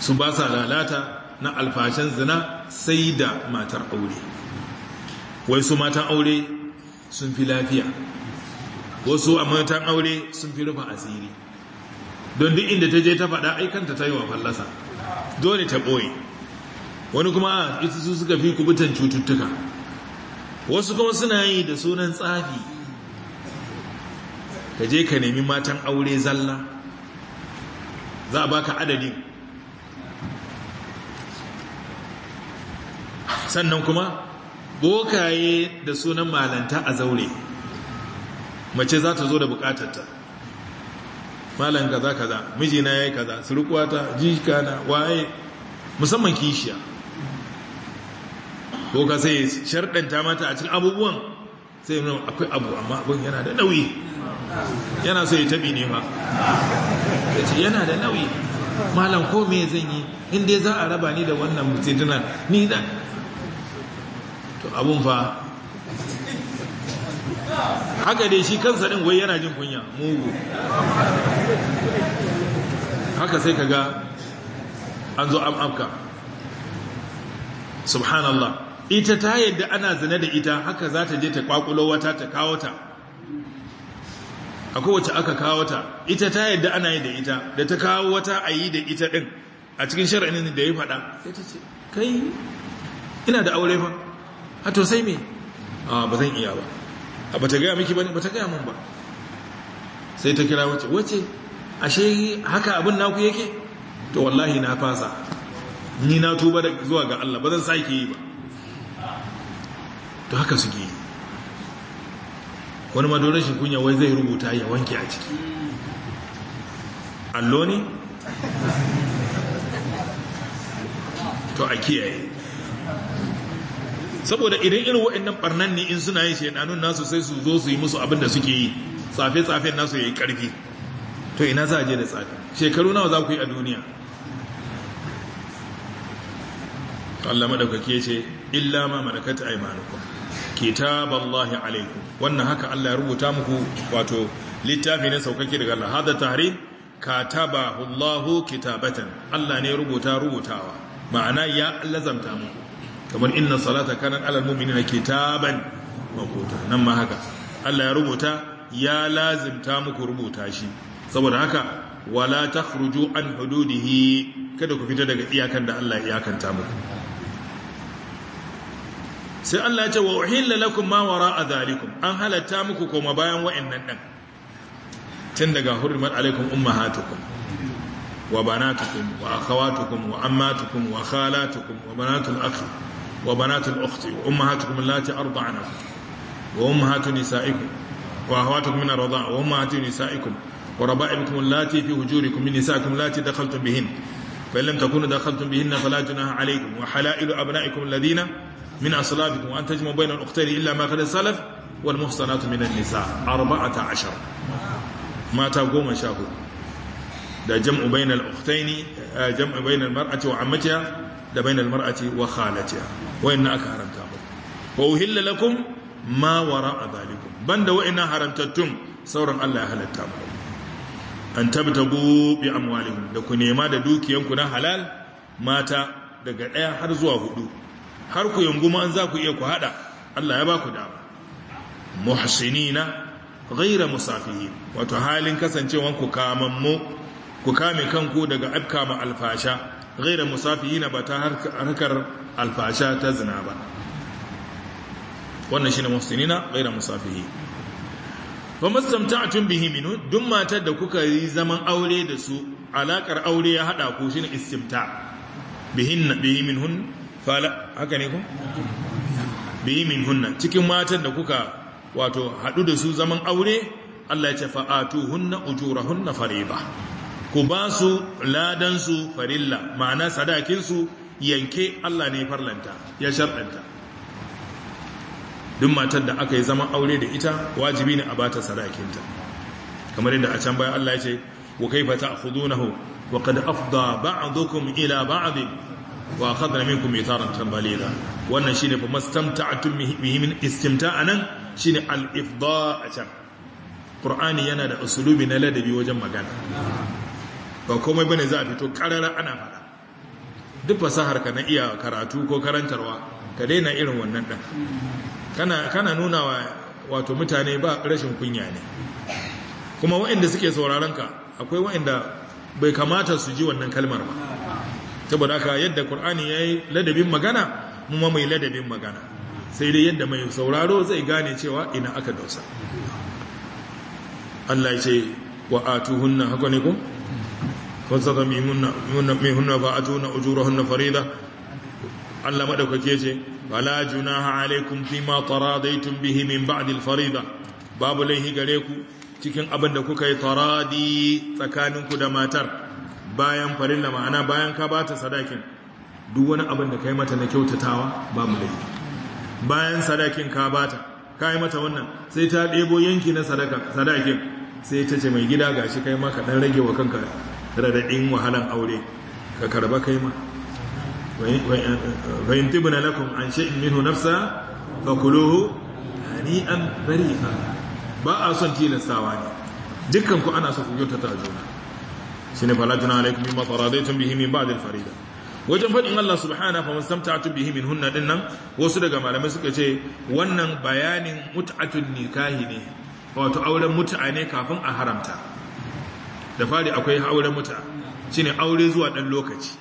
su ba sa lalata na alfashen zina sai da matar aure wai su matan aure sun fi lafiya wasu a matan aure sun fi rufa asiri don duk inda ta je ta faɗa aikanta ta yi wa fallasa dole ta ɓoye wani kuma ah, ita su suka fi kubutan cututtuka wasu kuma suna yi da sunan tsafi ka je ka nemi matan aure zalla za a baka adadin sannan kuma bokaye da sunan malanta a zaure mace za ta zo da bukatarta malan kaza kaza mijina ya yi kaza surkuwata jikana waye musamman kishiya ko ka sai sharɗanta mata a cikin abubuwan sai yi akwai abu amma abin yana da nauyi yana so ya tabi ne ma yana da nauyi malam ko me zan yi inda za a raba ni da wannan mutunan ni da abun fa haka dai shi kansa din wai yana jin kunya mugu haka sai kaga an zo am afka subhanallah ita ta yadda ana zane da ita haka za ta je ta kwakulo wata ta kawo ta a kowace aka kawo ta ita ta yadda ana yi da ita da ta kawo wata a yi da ita din a cikin shari'in da ya faɗa sai ta ce kai ina da aure fa hato to sai me a ba zan iya ba a ba ta gaya miki ba ne ba ta gaya min ba sai ta kira wace wace ashe haka abin naku yake to wallahi na fasa ni na tuba da zuwa ga Allah ba zan sake yi ba to haka suke yi wani madonar shi kunya wai zai rubuta ya wanke a ciki allo ne to a kiyaye saboda idan irin wa'annan barnan ne in suna yin shaidanun nasu sai su zo su yi musu abin da suke yi tsafe-tsafen nasu ya yi ƙarfi to ina za a je da tsafi? shekaru nawa za ku yi a duniya Allah madaukake ce illa ma malakat aymanukum kitaballahi alaikum wannan haka Allah ya rubuta muku wato littafi ne saukake daga Allah hada tahrim katabahu Allahu Allah ne rubuta rubutawa ma'ana ya lazamta muku kamar inna salata kanan alal mu'minina kitaban makuta nan ma haka Allah ya rubuta ya lazimta muku rubuta shi saboda haka wala takhruju an hududihi kada ku fita daga iyakan da Allah ya iyakanta muku sai Allah ya ce wa uhilla lakum ma wara'a dhalikum an halatta muku kuma bayan wa'annan din tun daga hurmat alaikum ummahatukum wa banatukum wa akhawatukum wa ammatukum wa khalatukum wa banatul akhi وبنات الأخت وأمهاتكم اللاتي أرضعنكم وأمهات نسائكم وأخواتكم من الرضاع وأمهات نسائكم وربائبكم اللاتي في هجوركم من نسائكم اللاتي دخلتم بهن فإن لم تكونوا دخلتم بهن فلا جناح عليكم وحلائل أبنائكم الذين من أصلابكم وأن تجمعوا بين الأختين إلا ما قد سلف والمحصنات من النساء أربعة عشر ما تقوم شاهد ده جمع بين الأختين جمع بين المرأة وعمتها ده بين المرأة وخالتها wayannan aka haramta muku wa uhilla lakum ma wara'a zalikum banda wayannan haramtattun sauran Allah ya halatta muku an tabtagu bi amwalihim da ku nema da dukiyanku na halal mata daga ɗaya har zuwa hudu har ku yunguma an za ku iya ku hada Allah ya ba ku da muhsinina ghaira musafihin wato halin kasancewan ku kamammu ku kame kanku daga afkama alfasha gaira musafihina ba ta harkar alfasha ta zina ba wannan shi ne musulina gaira musafihi Fa musamta a tun bihi minu duk matar da kuka yi zaman aure da su alaƙar aure ya haɗa ku shi ne istimta bihin na bihi min fala haka ne ku? bihi min cikin matar da kuka wato hadu da su zaman aure Allah ya ce fa'atu hunna ujura hunna fare ba ku ba su ladansu farilla ma'ana sadakinsu yanke Allah ne farlanta ya sharɗanta duk matar da aka yi zama aure da ita wajibi ne a ba ta sadakinta kamar yadda a can bayan Allah ya ce wa kaifa ta'khudunahu wa qad afda ba'dukum ila ba'd wa akhadna minkum mitaran tambalila wannan shine fa mastamta'tum bihi min istimta'anan shine al-ifda a can Qur'ani yana da usulubi na ladabi wajen magana ba komai bane za a fito karara ana fada duk fasahar ka na iya karatu ko karantarwa ka daina irin wannan ɗan kana kana nuna wa wato mutane ba rashin kunya ne kuma waɗanda suke sauraron ka akwai waɗanda bai kamata su ji wannan kalmar ba saboda haka yadda qur'ani yayi ladabin magana mu mai ladabin magana sai dai yadda mai sauraro zai gane cewa ina aka dausa Allah ya ce wa atuhunna haka ne ko wasaqa mihunna fa'atuna ujurahunna farida Allah madaukake ce wala junaha alaikum fima taradaitum bihi min ba'd al-farida babu laihi gare ku cikin abin da kuka yi taradi tsakaninku da matar bayan farilla ma'ana bayan ka bata sadakin duk wani abin da kai mata na kyautatawa babu laifi bayan sadakin ka bata kai mata wannan sai ta ɗebo yanki na sadakin sai ta ce mai gida gashi kai ma ka dan rage wa kanka raɗaɗin wahalan aure ka karba kai ma fahimti buna lakum an sha'in minhu nafsa fa kuluhu hani an bari ba a son tilastawa ne dukkan ku ana so ku ta juna shine fala juna alaikum bima taradaitum bihi min ba'd al-farida wajen faɗin Allah subhanahu fa mustamta'tu bihi bihimin hunna dinnan wasu daga malamai suka ce wannan bayanin mut'atun nikahi ne wato auren mutu'a ne kafin a haramta da fari akwai auren muta shine aure zuwa ɗan lokaci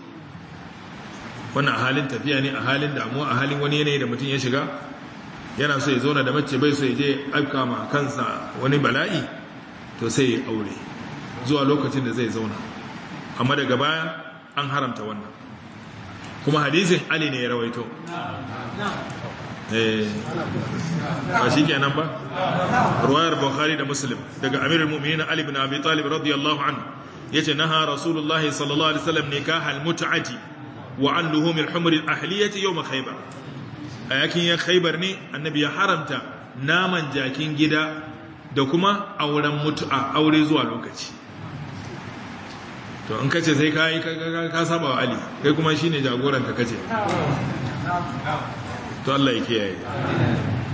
wannan a halin tafiya ne a halin damuwa a halin wani yanayi da mutum ya shiga yana so ya zauna da mace bai so ya je afka ma kansa wani bala'i to sai ya aure zuwa lokacin da zai zauna amma daga baya an haramta wannan kuma hadisin ali ne ya rawaito Eh, ba shi kenan ba ruwayar bukhari da muslim daga amirul mu'minin ali ibn abi talib radiyallahu anhu yace naha rasulullahi sallallahu alaihi wasallam nikahal mut'ati wa an luhumil humr al ahliyati yawm khaybar ayakin ya khaybar ne annabi ya haramta naman jakin gida da kuma auren mutu'a aure zuwa lokaci to in kace sai ka ka saba wa ali kai kuma shine jagoran ka kace to Allah ya kiyaye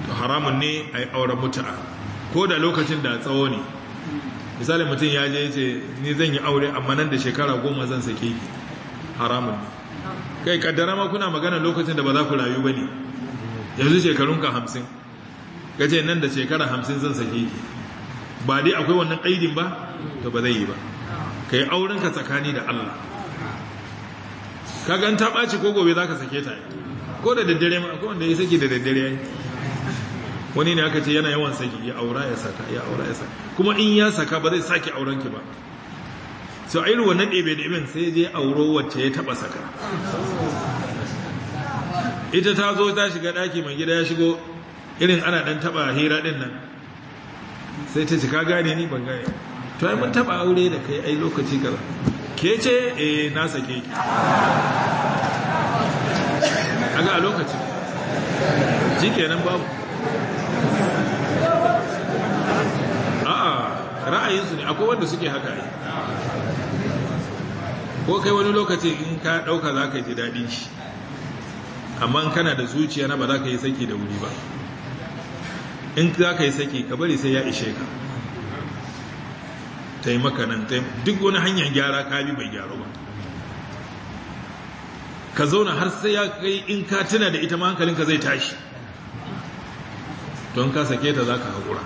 to haramun ne a yi auren mutu'a ko da lokacin da tsawo ne misali mutum ya je ce ni zan yi aure amma nan da shekara goma zan sake ki haramun ne kai kaddara ma kuna magana lokacin da ba za ku rayu ba ne yanzu shekarunka hamsin ce nan da shekara hamsin zan sake ki ba dai akwai wannan aidin ba to ba zai yi ba ka yi aurenka tsakani da Allah ka gan ta ɓaci ko gobe za ka sake ta ko da daddare ma akwai wanda ya saki da daddare ya yi wani ne aka ce yana yawan saki ya aura ya saka ya aura ya saka kuma in ya saka ba zai saki auren ki ba so a irin wannan ɗebe ibin sai je auro wacce ya taɓa saka ita ta zo ta shiga ɗaki mai gida ya shigo irin ana ɗan taɓa hira ɗin nan sai ta cika gane ni ban gane to ai mun taɓa aure da kai ai lokaci kaza ke ce eh na sake ki kaga a lokacin shikenan babu a'a ra'ayinsu ne akwai wanda suke haka yi ko kai wani lokaci in ka ɗauka za ka ji daɗi shi amma kana da zuciya na ba za ka yi saki da wuri ba in za ka yi saki ka bari sai ya ishe ka taimaka nan duk wani hanyar gyara kabi bi bai gyaru ba ka zauna har sai ya kai in ka tuna da ita ma hankalinka zai tashi don ka sake ta za ka haƙura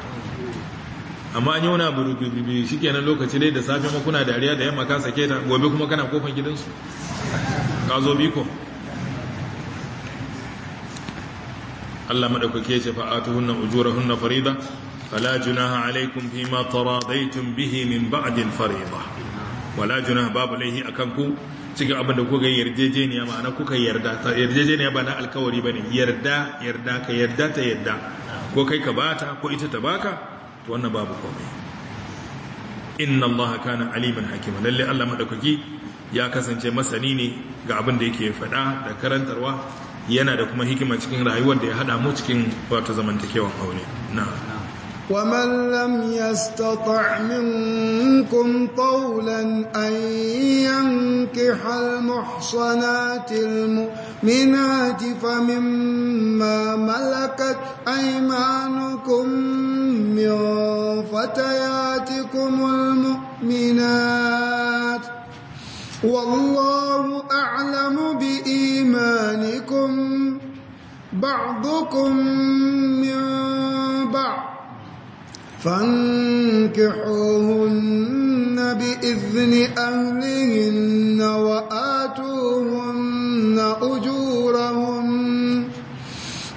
amma an yi wani abu shi kenan lokaci dai da safe makuna dariya da yamma ka sake ta gobe kuma kana kofan gidansu ka zo biko Allah maɗaukake ce ujura ujurahunna farida فلا fi ma فيما bihi min من بعد الفريضة ولا جناح باب ليه ku. cikin abin da kuka yarjejeniya ma'ana kuka yarda ta yarjejeniya ba na alkawari ne, yarda yarda ka yarda ta yarda ko kai ka bata ko ita ta baka to wannan babu komai inna allaha kana aliman hakima lalle Allah madaukaki ya kasance masani ne ga abin da yake faɗa da karantarwa yana da kuma hikima cikin rayuwar da ya hada mu cikin wato zamantakewar aure na'am ومن لم يستطع منكم طولا أن ينكح المحصنات المؤمنات فمما ملكت أيمانكم من فتياتكم المؤمنات والله أعلم بإيمانكم بعضكم من بعض فانكحوهن بإذن أهلهن وآتوهن أجورهن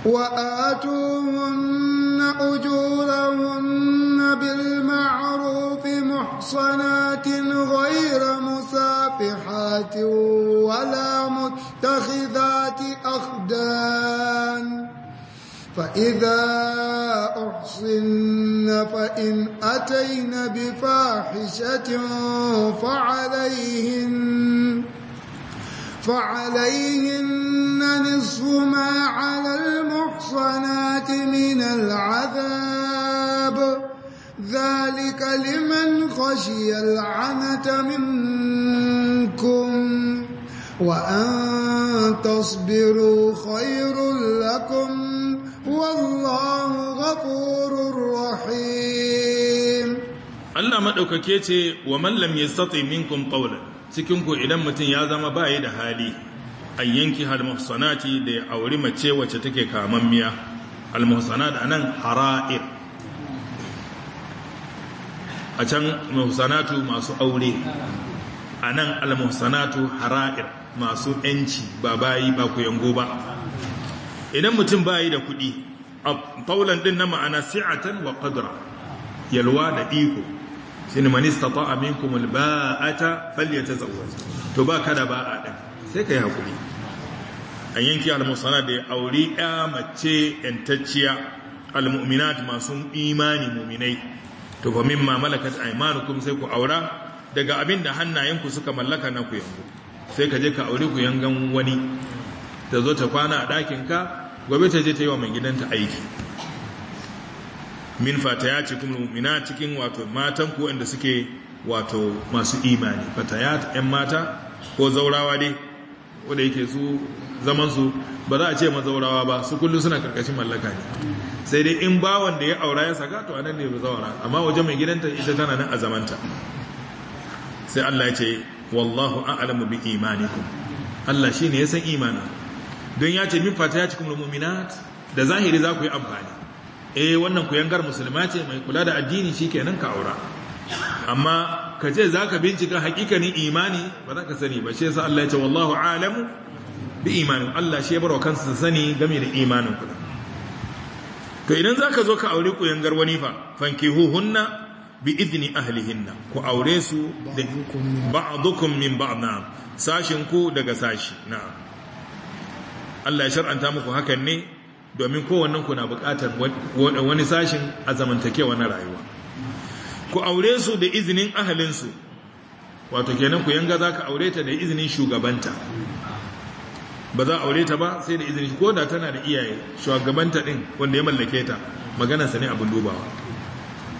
وآتوهن أجورهن بالمعروف محصنات غير مسافحات ولا متخذات أخدان فإذا أحصن فإن أتين بفاحشة فعليهن فعليهن نصف ما على المحصنات من العذاب ذلك لمن خشي العنة منكم وأن تصبروا خير لكم والله غفور رحيم الله مدوكake ce wa man lam yastati minkum qawlan cikin idan mutun ya zama bai da hali ayyanki hal muhsanati da auri mace wacce take miya, al muhsanat anan hara'ir a can muhsanatu masu aure anan al muhsanatu hara'ir masu ‘yanci ba bayi ba ku yango ba idan mutum bayi da kuɗi taulan din na ma'ana si'atan wa qadra yalwa da iko shine man istata'a minkum alba'ata falyatazawwaj to ba kada ba a din sai kai hakuri an yanki almusana da auri ya mace yantacciya almu'minat masu imani mu'minai to fa ma malakat aymanukum sai ku aura daga abin da hannayenku suka mallaka na ku yango sai ka je ka aure ku yangan wani ta zo ta kwana a ɗakinka gobe ta je ta yi wa mai gidanta aiki min fatayati kuma mu'mina cikin wato matan ku wanda suke wato masu imani fatayat ɗan mata ko zaurawa ne wanda yake su zaman su ba za a ce mazaurawa ba su kullum suna karkashin mallaka ne sai dai in bawan da ya aura ya saka to anan ne ba zaura amma wajen mai gidanta ita tana nan a zamanta sai Allah ya ce wallahu a'lamu bi imanikum Allah shine ya san imanin don ya ce min fata ya cikin rumuminat da zahiri za ku yi amfani eh wannan ku yangar musulma ce mai kula da addini shi kenan ka aura amma ka ce za ka bincika hakikanin imani ba za ka sani ba shi yasa Allah ya ce wallahu alamu bi imanin Allah shi ya barwa kansa sani game da imanin ku to idan za ka zo ka aure ku yangar wani fa hunna bi idni ahlihinna ku aure su da ba'dukum min ba'd sashin ku daga sashi na'am Allah ya shar'anta muku hakan ne domin kowannen ku na buƙatar wani sashin a zamantakewa na rayuwa ku aure su da izinin ahalinsu wato kenan ku yanga za ka aure ta da izinin shugabanta ba za aure ta ba sai da izinin ko da tana da iyaye shugabanta ɗin wanda ya mallake ta maganarsa ne abin dubawa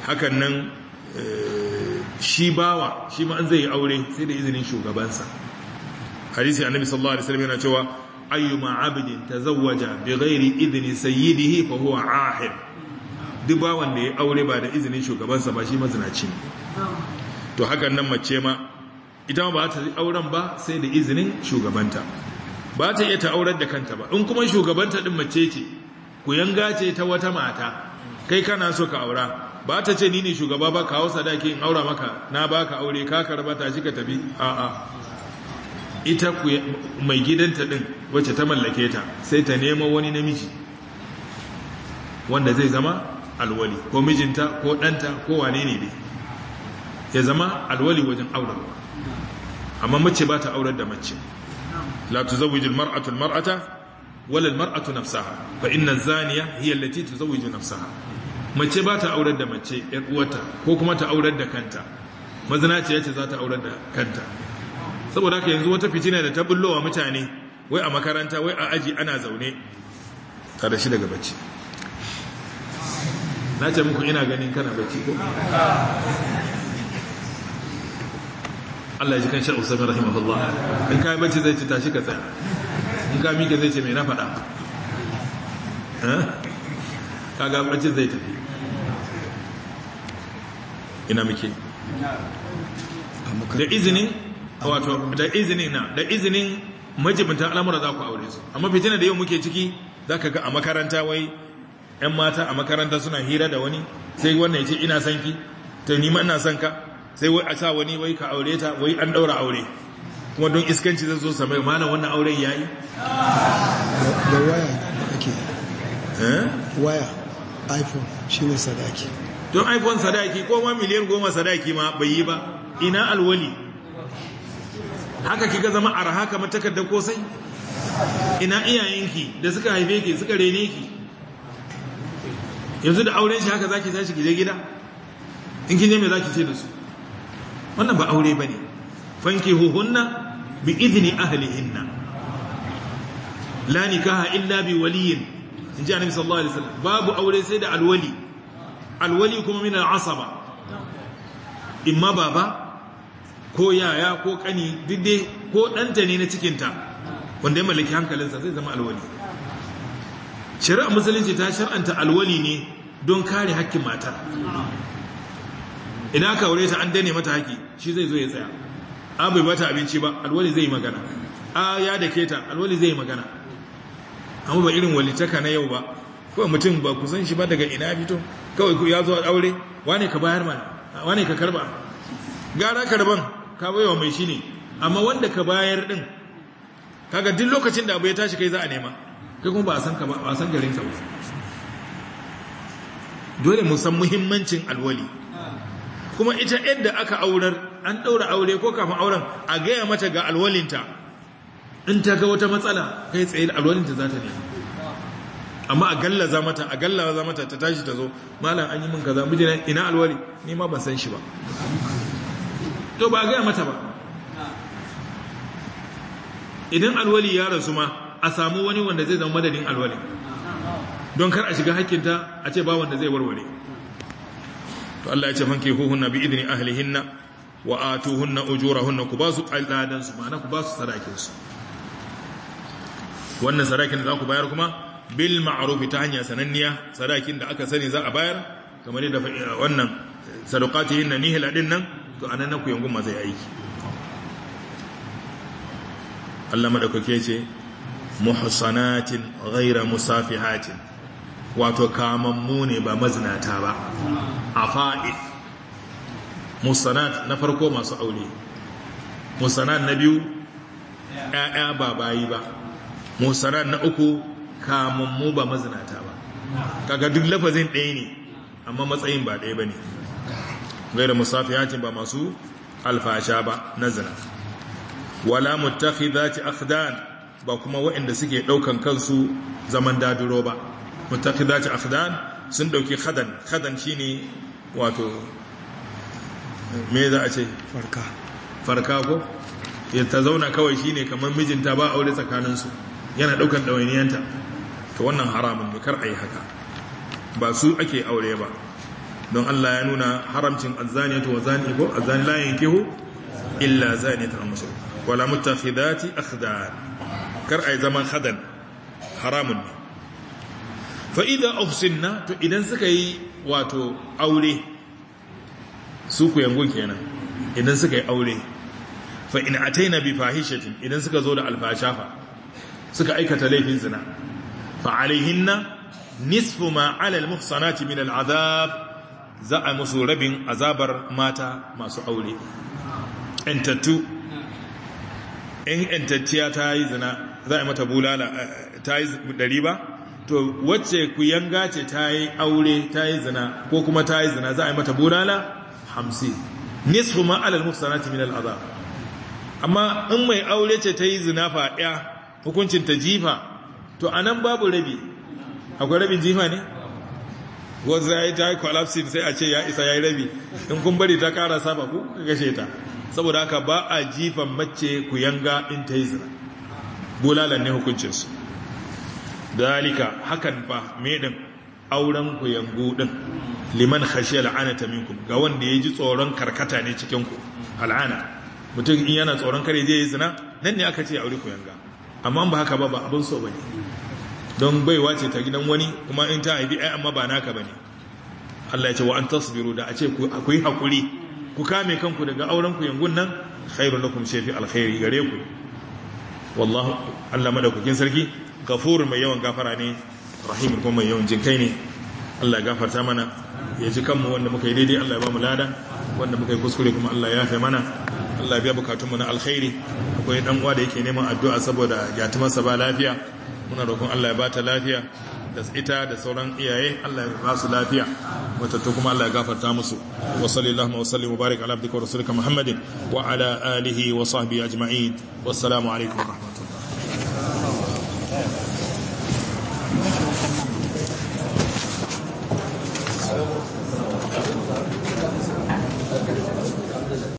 hakan nan eh, shi bawa shi ma an zai yi aure sai da izinin shugabansa hadisi annabi sallallahu alaihi wasallam yana cewa ayyuma abidin tazawwaja bi Izini, idni sayyidihi fa huwa ahir duk ba wanda ya aure ba da izinin shugabansa ba shi mazinaci ne to hakan nan mace ma ita ba ta auren ba sai da izinin shugabanta ba ta iya ta aurar da kanta ba in kuma shugabanta din mace ce ku yanga ce ta wata mata kai kana so ka aura ba ta ce ni ne shugaba ba ka hau sadaki in aura maka na baka aure ka karba ta shi ka tafi a'a ita mai gidanta din wacce ta mallake ta sai ta nemo wani namiji wanda zai zama alwali ko mijinta ko ɗanta ko wane ne dai ya zama alwali wajen aurarwa amma mace ba ta aurar da mace la tuzawwiju almar'atu almar'ata wala almar'atu nafsaha fa inna zaniya hiya allati tuzawwiju nafsaha mace ba ta aurar da mace ƴar uwarta ko kuma ta aurar da kanta mazinaciya ce za ta aurar da kanta saboda ka yanzu wata fitina da ta bullowa mutane wai a makaranta wai a aji ana zaune tare shi daga bacci na ce muku ina ganin kana bacci ko Allah ya ji kan sha'u sami rahimahullah in kayi bacci zai ci tashi ka tsaya in ka mika zai ce mai na faɗa eh? ga bacci zai tafi ina muke da izinin wato da izinin na da izinin majibintan al'amura za ku aure su amma fitina da yau muke ciki za ka ga a makaranta wai 'yan mata a makaranta suna hira da wani sai wannan ya ce ina son ki ta nima ina son ka sai wai a sa wani wai ka aure ta wai an daura aure kuma don iskanci zai zo samai mana wannan auren ya yi da waya ake eh? waya iphone shi ne sadaki don iphone sadaki ko ma miliyan goma sadaki ma bai yi ba ina alwali haka kika zama arha kamar takardar kosai ina iyayenki da suka haife ki suka rene ki yanzu da auren shi haka zaki tashi gida gida in kin je me zaki ce da su wannan ba aure bane fankihuhunna bi idni ahlihinna la nikaha illa bi waliyin in annabi sallallahu alaihi wasallam babu aure sai da alwali alwali kuma min al'asaba imma baba ko yaya ko kani didde ko ɗanta ne na cikinta wanda ya mallaki hankalinsa zai zama alwali shari'a musulunci ta shar'anta alwali ne don kare hakkin mata idan aka aure ta an dane mata haki shi zai zo ya tsaya a bai bata abinci ba alwali zai magana a ya da keta alwali zai magana amma ba irin walitaka na yau ba kawai mutum ba ku san shi ba daga ina fito kawai ku ya zo aure wane ka bayar mana wane ka karba gara karban ka baiwa mai shi ne amma wanda ka bayar din kaga duk lokacin da abu ya tashi kai za a nema kai kuma ba a san ka ba a san garin ka ba dole mu san muhimmancin alwali kuma ita yadda aka aurar an daura aure ko kafin auren a gaya mata ga alwalinta in ta ga wata matsala kai tsaye da alwalinta za ta ne amma a gallaza mata a gallaza mata ta tashi ta zo malam an yi min kaza mijina ina alwali ni ma ban san shi ba to ba gaya mata ba idan alwali ya rasu ma a samu wani wanda zai zama madadin alwali don kar a shiga hakkinta a ce ba wanda zai warware to Allah ya ce fanke huhunna bi idni ahlihinna wa atuhunna ujurahunna ku ku sadakin wannan sadakin da za ku bayar kuma bil ma'ruf ta hanya sananniya sadakin da aka sani za a bayar kamar yadda wannan sadaqatihin nihla din nan to anan na kuyangun ma zai aiki Allah madaukake ce muhsanatin ghaira musafihatin wato kamammu ne ba mazinata ba afa'if musanat na farko masu aure musanat na biyu ƴaƴa ba bayi ba musanat na uku kaman mu ba mazinata ba kaga duk lafazin ɗaya ne amma matsayin ba ɗaya bane ba masu بمسو الفاشا با zina ولا متخذات أخدان ba kuma waɗanda suke ɗaukan kansu zaman dadiro ba mutakhidati akhdan sun ɗauki khadan khadan shine wato me za a ce farka farka ko ya ta zauna kawai shine kamar mijinta ba aure su yana ɗaukan ɗawainiyanta to wannan haramun ne kar a haka ba su ake aure ba don Allah ya nuna haramcin azzaniyatu wa zani ko azzani la yankihu illa zaniyatu aw mushrik wala mutakhidati akhdan kar ay zaman khadan haramun ne fa idza uhsinna to idan suka yi wato aure su ku yango kenan idan suka yi aure fa in ataina bi fahishatin idan suka zo da alfashafa suka aikata laifin zina fa alaihinna nisfu ma ala almuhsanati min al'adab za a musu rabin azabar mata masu aure ‘yantattu ‘yan ‘yantattiya ta yi zina za a mata bulala eh, ta yi ɗari ba to wacce ku yanga ce ta yi aure ta yi zina ko kuma ta yi zina za a mata bulala Hamsi. nisfu ma'alar mufsanati min azab amma in mai aure ce ta yi zina faya hukuncin ta jifa to anan babu rabi akwai rabin jifa ne wanzu ya yi ta collapsing sai a ce ya isa ya yi rabi in kun bari ta kara saba ku gashe ta saboda haka ba a jifan mace ku yanga in ta yi zina bulalan ne hukuncinsu dalika hakan fa me auren ku yango ɗin liman al'ana ta minku. ga wanda ya ji tsoron karkata ne cikin ku al'ana mutum in yana tsoron kare zai yi zina nan ne aka ce aure ku yanga amma ba haka ba ba abin so ba ne. don baiwa ce ta gidan wani kuma in ta haifi ai amma ba naka ba ne. Allah ya ce wa an tasbiru da a ce ku akwai hakuri ku kame kanku daga auren ku yangun nan na lakum shafi alkhairi gare ku wallahu Allah madaukakin sarki gafuru mai yawan gafara ne rahimun kuma mai yawan jinkai ne Allah ya gafarta mana ya ji kanmu wanda muka yi daidai Allah ya ba mu lada wanda muka yi kuskure kuma Allah ya yafe mana Allah ya biya bukatunmu na alkhairi akwai dan uwa da yake neman addu'a saboda yatimarsa ba lafiya muna roƙon Allah ya bata lafiya da ita da sauran iyaye Allah ya ba su lafiya to kuma Allah ya gafarta musu wa sallallahu wa sallim mubarak ala abdika wa rasulika muhammadin wa ala alihi wa sahbihi ajma'in wassalamu alaikum wa rahmatullahi